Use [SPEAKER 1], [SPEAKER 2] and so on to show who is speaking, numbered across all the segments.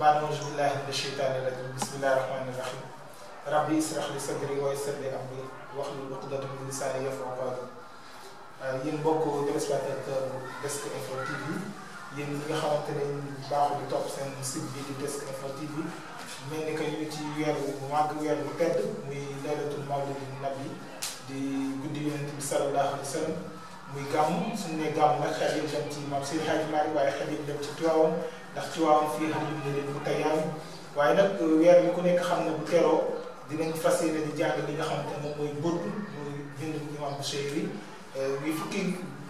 [SPEAKER 1] بعد أعوذ بالله من الشيطان الرجيم بسم الله الرحمن الرحيم ربي اشرح لي صدري ويسر لي أمري واحلل عقدة من لساني يفقهوا قولي yéen mbokk téléspectateur Desk Info TV yéen ñi nga xamante ne baaxul di topp seen site bi di Desk Info TV mel ni que ñu ngi ci weer wu màgg weer wu tedd muy laylatul mawlid nabi di guddi yonent bi sallallahu alayhi wa sallam muy gàmm suñu nee gàmm nag xel yëpp dem ci maam si xaaj Maalik waaye xel yëpp dem ci tuwaawam ndax ci waawoon fii alhamdulilah bu tey yàlla waaye nag weer bi ku nekk xam ne bu teroo dinañ fas yéene di jàng li nga xamante ne mooy mbëdd muy bind bu imam Buseyri yi fukki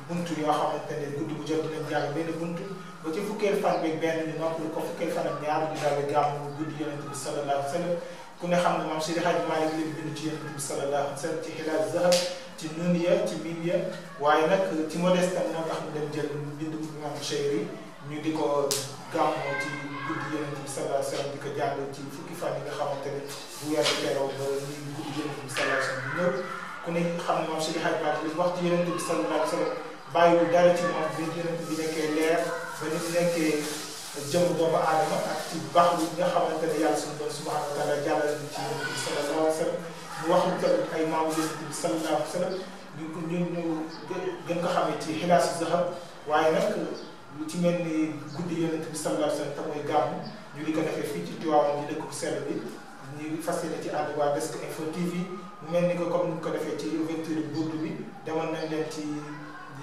[SPEAKER 1] buntu yoo xamante ne guddi bu jot dinañ jàng benn buntu ba ci fukkeel fan bi benn ñu noppalu ko fukkeel fan ak ñaar ñu daal di gàmm guddi yonente bi sallallahu alayhi wa sallam ku ne xam ne maam Seydi Hadji Malick leen bind ci yonente bi sallallahu alayhi wa sallam ci xilaas zahab ci nuniya ci miiya waaye nag ci modeste am moo tax ñu dem jël bind bu imam Buseyri yi ñu di ko gàmmoo ci guddi yonent bi sallallahu alayhi wa sallam di ko jàllale ci fukki fan yi nga xamante ne bu weer bi teroo ba ñuy guddi yonent bi sallallahu alayhi wa sallam ñëpp ku ne xam ne moom suñu xaymaa li wax ci yonent bi sallallahu alayhi wa sallam bàyyiwul dara ci moom bi yonent bi nekkee leer ba ni mu nekkee jëm doomu aadama ak ci baax yi nga xamante ne yàlla suñu borom subhanahu wa taala jàllale ci yonent bi sallallahu alayhi wa sallam mu wax ñu tamit ay maamu yonent bi sallallahu alayhi wa sallam ñu ñu ñu gën ko xamee ci xilaasu zahab waaye nag lu ci mel ni guddi yonent bi sallallahu alayhi wa sallam mooy gàmmu ñu di ko defee fii ci Tivaouane ñu dëkk bu sell bi ñu fas yéene ci ànd waa Desk Info TV mu mel ni que comme ni ko defee ci ouverture buurdu bi demoon nañ leen ci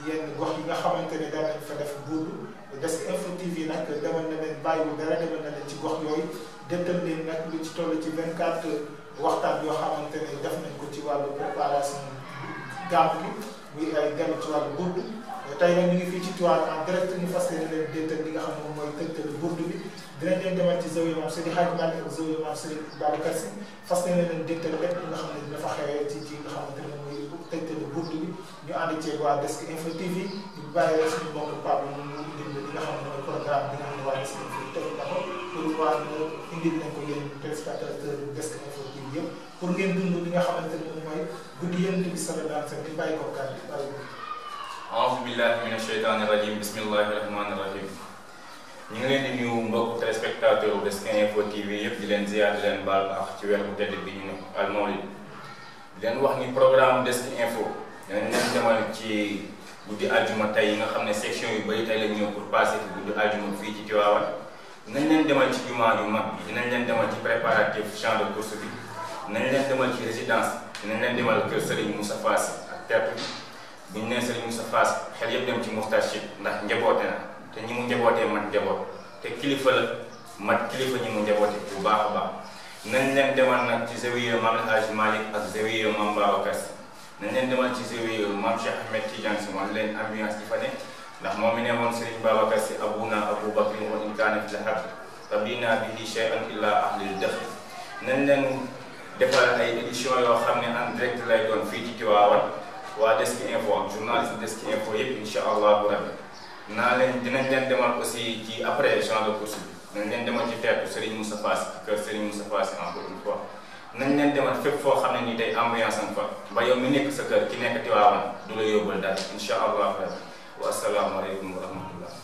[SPEAKER 1] yenn gox yi nga xamante ne daan nañ fa def buurdu Desk Info TV nag demoon na leen bàyyiwul dara demoon na leen ci gox yooyu dëttal leen nag lu ci toll ci 24 waxtaan yoo xamante ne def nañ ko ci wàllu préparation gàmmu bi. muy ay gan ci wàllu burdu tey nag ñu ngi fii ci Tivaouane en direct ñu fas yéene leen nga xam ne moom mooy tëgtal burdu bi dinañ leen demal li nga xam ne dafa xewee ci ci nga xamante ne mooy tëgtal burdu bi ñu ànd ceeg waa Desk Info TV ñu bàyyi suñu mbokku xam ne mooy programme ne waa na ko pour waa indil nañ ko yéen téléspectateurs Desk Info TV yëpp pour ngeen mooy guddi yonent bi sallallahu alayhi wa sallam di bàyyi ko kàddu
[SPEAKER 2] aouzu billahi min asheytaani rajim bismillahi rahmaani rahim ñu ngi leen di nuyu mbokk téléspectateur bu Deskine Info TV yëpp di leen ziar di leen baal ak ci weer bu tedd bi ñu ne al mawlid di leen wax ni programme Deskine Info danañ leen demal ci guddi àjjuma tey yi nga xam ne section yu bëri tey lañ ñëw pour passer ci guddi àjjuma fii ci Tivaouane dinañ leen demal ci jumaa yu mag bi dinañ leen demal ci préparatif champ de course bi nañ leen demal ci résidence nañ leen demal kër Serigne Moussa Fass ak terre bi bu ñu nee Serigne Moussa Fass xel yëpp dem ci Moustachid ndax njaboote na te ñi mu njabootee man njaboot te kilifa la mat kilifa ñi mu njaboote bu baax a baax nañ leen demal nag ci zawiya Maam El Hadj Malick ak zawiya Maam Babacar nañ leen demal ci zawiya Maam Cheikh Ahmed Tidiane si wan leen ambiance di fa ndax moom mi ne woon Serigne Babacar si abuna na bakrin wa in kaana fi l-haqqi rabbina bihi shay'an illa defal ay émission yoo xam ne en direct lay doon fii ci Tivaouane waa Deski Info des Deski Info yëpp incha allahu rabbi naa leen dinañ leen demal aussi ci après champ de course bi nañ leen demal ci teetu Serigne Moussa Fass kër Serigne Moussa Fass encore une fois nañ leen demal fépp foo xam ne nii day ambiance am fa ba yow mi nekk sa kër ki nekk Tivaouane du la yóbbal daal incha allahu rabbi wa asalaamaaleykum wa rahmatullah